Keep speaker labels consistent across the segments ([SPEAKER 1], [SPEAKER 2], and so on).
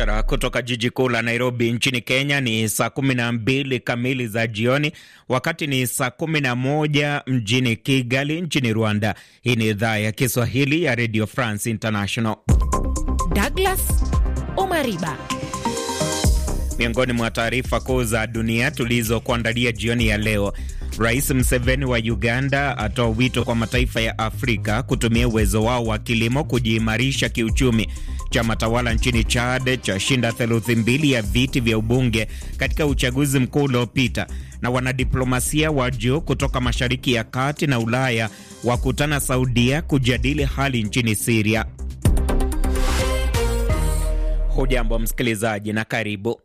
[SPEAKER 1] mubashara kutoka jiji kuu la Nairobi nchini Kenya. Ni saa kumi na mbili kamili za jioni, wakati ni saa kumi na moja mjini Kigali nchini Rwanda. Hii ni idhaa ya Kiswahili ya Radio France International.
[SPEAKER 2] Douglas Omariba,
[SPEAKER 1] miongoni mwa taarifa kuu za dunia tulizokuandalia jioni ya leo. Rais Mseveni wa Uganda atoa wito kwa mataifa ya Afrika kutumia uwezo wao wa kilimo kujiimarisha kiuchumi. Chama tawala nchini Chad chashinda theluthi mbili ya viti vya ubunge katika uchaguzi mkuu uliopita, na wanadiplomasia wa juu kutoka Mashariki ya Kati na Ulaya wakutana Saudia kujadili hali nchini Siria. Hujambo msikilizaji na karibu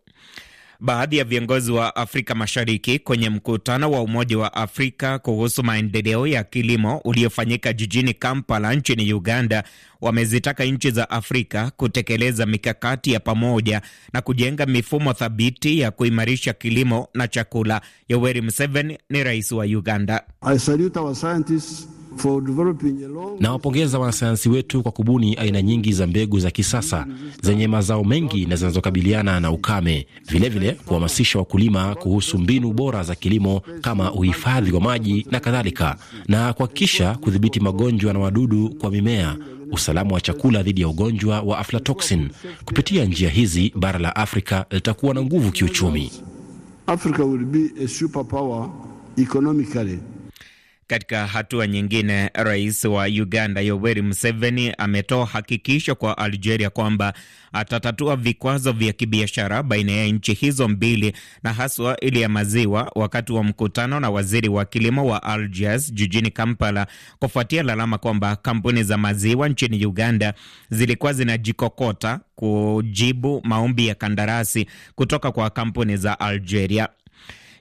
[SPEAKER 1] baadhi ya viongozi wa Afrika Mashariki kwenye mkutano wa Umoja wa Afrika kuhusu maendeleo ya kilimo uliofanyika jijini Kampala nchini Uganda wamezitaka nchi za Afrika kutekeleza mikakati ya pamoja na kujenga mifumo thabiti ya kuimarisha kilimo na chakula. Yoweri Museveni ni rais wa Uganda.
[SPEAKER 2] I salute our scientists.
[SPEAKER 1] Nawapongeza wanasayansi wetu kwa kubuni aina nyingi za mbegu za kisasa zenye mazao mengi na zinazokabiliana na ukame, vilevile kuhamasisha wakulima kuhusu mbinu bora za kilimo kama uhifadhi wa maji na kadhalika, na kuhakikisha kudhibiti magonjwa na wadudu kwa mimea, usalama wa chakula dhidi ya ugonjwa wa aflatoxin. Kupitia njia hizi, bara la Afrika litakuwa na nguvu kiuchumi.
[SPEAKER 3] Africa will be a superpower economically.
[SPEAKER 1] Katika hatua nyingine, rais wa Uganda Yoweri Museveni ametoa hakikisho kwa Algeria kwamba atatatua vikwazo vya kibiashara baina ya nchi hizo mbili na haswa ile ya maziwa, wakati wa mkutano na waziri wa kilimo wa Algiers jijini Kampala, kufuatia lalama kwamba kampuni za maziwa nchini Uganda zilikuwa zinajikokota kujibu maombi ya kandarasi kutoka kwa kampuni za Algeria.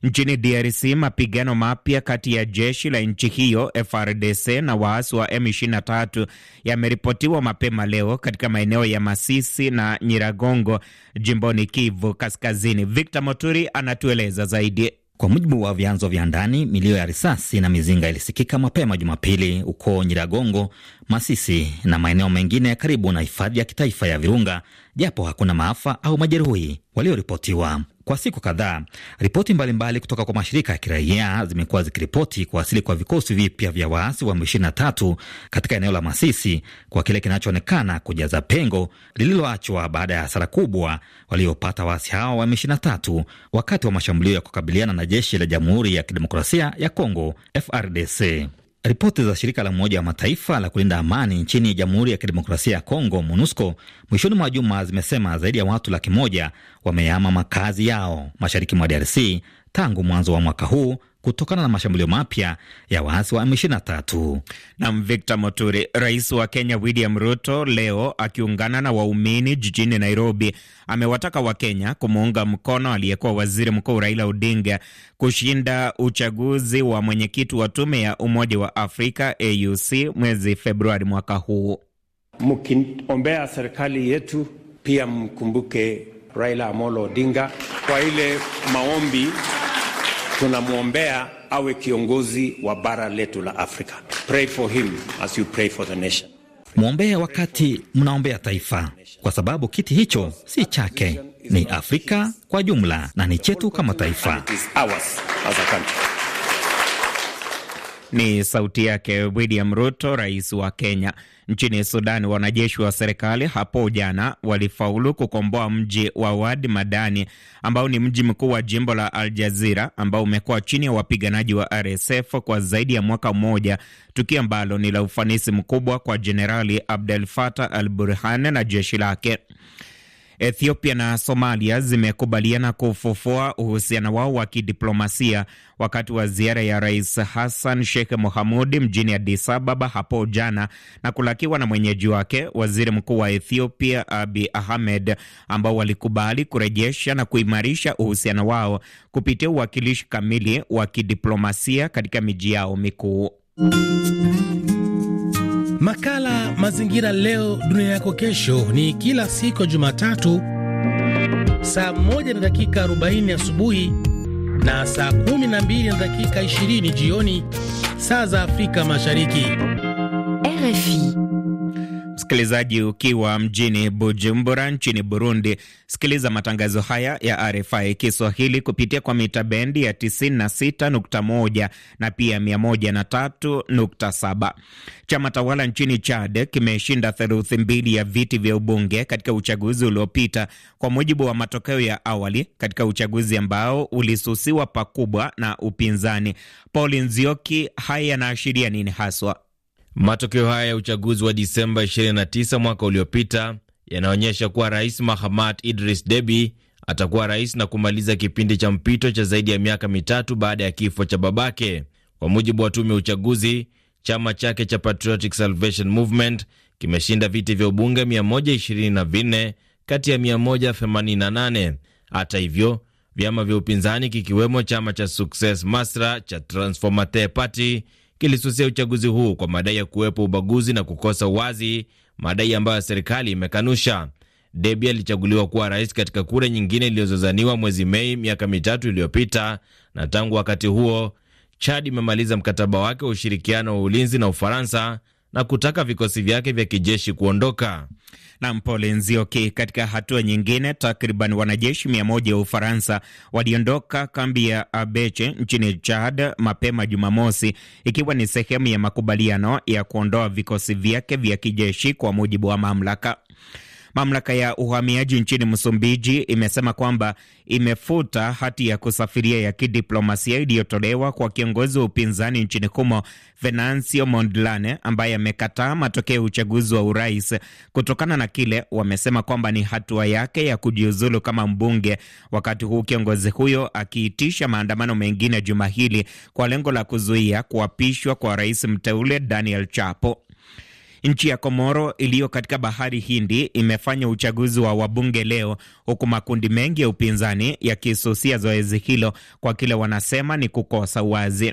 [SPEAKER 1] Nchini DRC mapigano mapya kati ya jeshi la nchi hiyo FRDC na waasi wa M23 yameripotiwa mapema leo katika maeneo ya Masisi na Nyiragongo jimboni
[SPEAKER 3] Kivu Kaskazini. Victor Moturi anatueleza zaidi. Kwa mujibu wa vyanzo vya ndani, milio ya risasi na mizinga ilisikika mapema Jumapili huko Nyiragongo, Masisi na maeneo mengine ya karibu na hifadhi ya kitaifa ya Virunga japo hakuna maafa au majeruhi walioripotiwa. Kwa siku kadhaa, ripoti mbalimbali kutoka kwa mashirika ya kiraia zimekuwa zikiripoti kuwasili kwa vikosi vipya vya waasi wa M23 katika eneo la Masisi kwa kile kinachoonekana kujaza pengo lililoachwa baada ya hasara kubwa waliopata waasi hao wa M23 wakati wa mashambulio ya kukabiliana na jeshi la Jamhuri ya Kidemokrasia ya Kongo, FRDC. Ripoti za shirika la Umoja wa Mataifa la kulinda amani nchini Jamhuri ya Kidemokrasia ya Kongo, MONUSCO, mwishoni mwa juma zimesema zaidi ya watu laki moja makazi yao mashariki mwa DRC tangu mwanzo wa mwaka huu kutokana na mashambulio mapya ya waasi wa M23. Nam Victor Moturi. Rais wa
[SPEAKER 1] Kenya William Ruto leo akiungana na waumini jijini Nairobi amewataka Wakenya kumuunga mkono aliyekuwa waziri mkuu Raila Odinga kushinda uchaguzi wa mwenyekiti wa tume ya Umoja wa Afrika AUC mwezi Februari mwaka huu. Mkiombea serikali yetu pia mkumbuke Raila Amolo Odinga kwa ile maombi tunamwombea awe kiongozi wa bara letu la Afrika. Pray for him as you pray for the nation.
[SPEAKER 3] wakati mnaombea taifa, kwa sababu kiti hicho si chake, ni Afrika kwa jumla na ni chetu kama taifa.
[SPEAKER 1] Ni sauti yake William Ruto, rais wa Kenya. Nchini Sudani, wanajeshi wa serikali hapo jana walifaulu kukomboa mji wa Wad Madani ambao ni mji mkuu wa jimbo la Al Jazira ambao umekuwa chini ya wapiganaji wa RSF kwa zaidi ya mwaka mmoja, tukio ambalo ni la ufanisi mkubwa kwa Jenerali Abdel Fattah al Burhan na jeshi lake. Ethiopia na Somalia zimekubaliana kufufua uhusiano wao wa kidiplomasia wakati wa ziara ya Rais Hassan Sheikh Mohamud mjini Addis Ababa hapo jana na kulakiwa na mwenyeji wake Waziri Mkuu wa Ethiopia Abiy Ahmed, ambao walikubali kurejesha na kuimarisha uhusiano wao kupitia uwakilishi kamili wa kidiplomasia katika miji yao mikuu.
[SPEAKER 3] Makala
[SPEAKER 1] Mazingira Leo Dunia Yako Kesho ni kila siku ya Jumatatu saa 1 na dakika 40 asubuhi na saa 12 na dakika 20 jioni saa za Afrika Mashariki. RFI Msikilizaji, ukiwa mjini Bujumbura nchini Burundi, sikiliza matangazo haya ya RFI Kiswahili kupitia kwa mita bendi ya 96.1 na pia 103.7. Chama tawala nchini Chad kimeshinda theluthi mbili ya viti vya ubunge katika uchaguzi uliopita kwa mujibu wa matokeo ya awali katika uchaguzi ambao ulisusiwa pakubwa na upinzani. Paul Nzioki, haya yanaashiria nini haswa? Matokeo haya ya uchaguzi wa Disemba 29 mwaka uliopita yanaonyesha kuwa Rais Mahamat Idris Deby atakuwa rais na kumaliza kipindi cha mpito cha zaidi ya miaka mitatu baada ya kifo cha babake. Kwa mujibu wa tume ya uchaguzi, chama chake cha Patriotic Salvation Movement kimeshinda viti vya ubunge 124 kati ya 188. Hata hivyo, vyama vya upinzani kikiwemo chama cha Success Masra cha transformate Party kilisusia uchaguzi huu kwa madai ya kuwepo ubaguzi na kukosa wazi, madai ambayo serikali imekanusha. Debi alichaguliwa kuwa rais katika kura nyingine iliyozozaniwa mwezi Mei miaka mitatu iliyopita, na tangu wakati huo Chad imemaliza mkataba wake wa ushirikiano wa ulinzi na Ufaransa na kutaka vikosi vyake vya kijeshi kuondoka. Nam pole Nzioki. Okay. Katika hatua nyingine, takriban wanajeshi mia moja wa Ufaransa waliondoka kambi ya Abeche nchini Chad mapema Jumamosi, ikiwa ni sehemu ya makubaliano ya kuondoa vikosi vyake vya kijeshi, kwa mujibu wa mamlaka. Mamlaka ya uhamiaji nchini Msumbiji imesema kwamba imefuta hati ya kusafiria ya kidiplomasia iliyotolewa kwa kiongozi wa upinzani nchini humo Venancio Mondlane, ambaye amekataa matokeo ya uchaguzi wa urais kutokana na kile wamesema kwamba ni hatua yake ya kujiuzulu kama mbunge, wakati huu kiongozi huyo akiitisha maandamano mengine juma hili kwa lengo la kuzuia kuapishwa kwa rais mteule Daniel Chapo. Nchi ya Komoro iliyo katika bahari Hindi imefanya uchaguzi wa wabunge leo, huku makundi mengi ya upinzani yakisusia zoezi hilo kwa kile wanasema ni kukosa uwazi.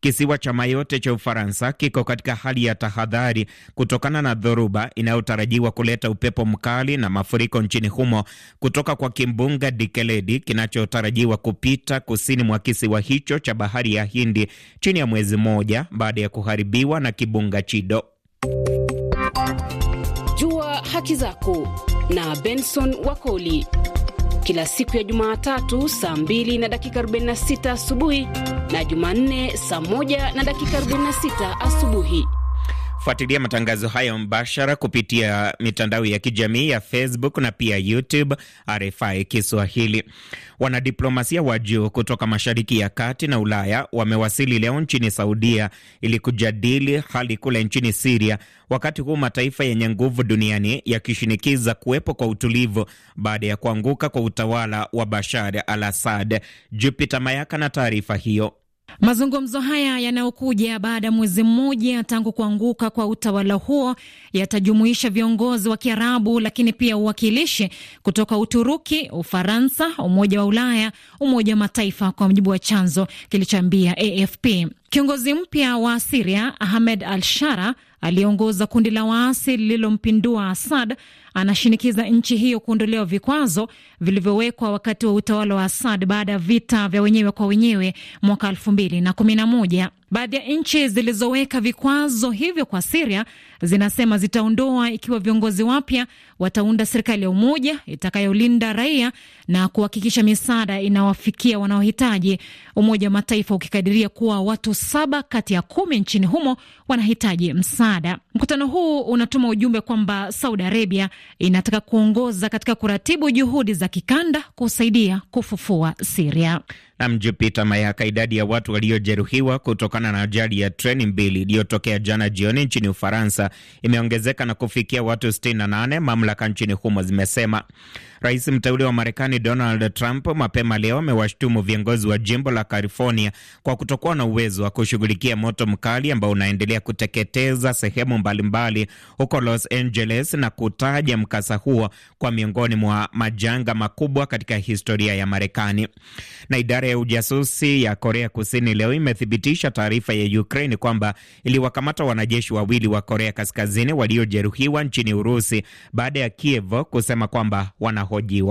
[SPEAKER 1] Kisiwa cha Mayotte cha Ufaransa kiko katika hali ya tahadhari kutokana na dhoruba inayotarajiwa kuleta upepo mkali na mafuriko nchini humo kutoka kwa kimbunga Dikeledi kinachotarajiwa kupita kusini mwa kisiwa hicho cha bahari ya Hindi chini ya mwezi mmoja baada ya kuharibiwa na kibunga Chido
[SPEAKER 2] haki zako na Benson Wakoli kila siku ya Jumatatu saa 2 na dakika 46 asubuhi na Jumanne saa 1 na dakika 46 asubuhi
[SPEAKER 1] kufuatilia matangazo hayo mbashara kupitia mitandao ya kijamii ya Facebook na pia YouTube RFI Kiswahili. Wanadiplomasia wa juu kutoka Mashariki ya Kati na Ulaya wamewasili leo nchini Saudia ili kujadili hali kule nchini Siria, wakati huu mataifa yenye nguvu duniani yakishinikiza kuwepo kwa utulivu baada ya kuanguka kwa utawala wa Bashar al Assad. Jupiter Mayaka na taarifa hiyo.
[SPEAKER 2] Mazungumzo haya yanayokuja baada ya mwezi mmoja tangu kuanguka kwa utawala huo yatajumuisha viongozi wa Kiarabu, lakini pia uwakilishi kutoka Uturuki, Ufaransa, Umoja wa Ulaya, Umoja wa Mataifa, kwa mujibu wa chanzo kilichoambia AFP. Kiongozi mpya wa Siria Ahmed al Shara aliyeongoza kundi la waasi lililompindua Asad anashinikiza nchi hiyo kuondolewa vikwazo vilivyowekwa wakati wa utawala wa Asad baada ya vita vya wenyewe kwa wenyewe mwaka elfu mbili na kumi na moja. Baadhi ya nchi zilizoweka vikwazo hivyo kwa Siria zinasema zitaondoa ikiwa viongozi wapya wataunda serikali ya umoja itakayolinda raia na kuhakikisha misaada inawafikia wanaohitaji, Umoja wa Mataifa ukikadiria kuwa watu saba kati ya kumi nchini humo wanahitaji msaada. Mkutano huu unatuma ujumbe kwamba Saudi Arabia inataka kuongoza katika kuratibu juhudi za kikanda kusaidia kufufua Siria.
[SPEAKER 1] Amjupita Mayaka, idadi ya watu waliojeruhiwa kutokana na ajali ya treni mbili iliyotokea jana jioni nchini Ufaransa imeongezeka na kufikia watu 68, mamlaka nchini humo zimesema. Rais mteule wa Marekani Donald Trump mapema leo amewashtumu viongozi wa jimbo la California kwa kutokuwa na uwezo wa kushughulikia moto mkali ambao unaendelea kuteketeza sehemu mbalimbali huko Los Angeles na kutaja mkasa huo kwa miongoni mwa majanga makubwa katika historia ya Marekani. Na idara ya ujasusi ya Korea Kusini leo imethibitisha taarifa ya Ukraine kwamba iliwakamata wanajeshi wawili wa Korea Kaskazini waliojeruhiwa nchini Urusi baada ya Kiev kusema kwamba wana 和义乌。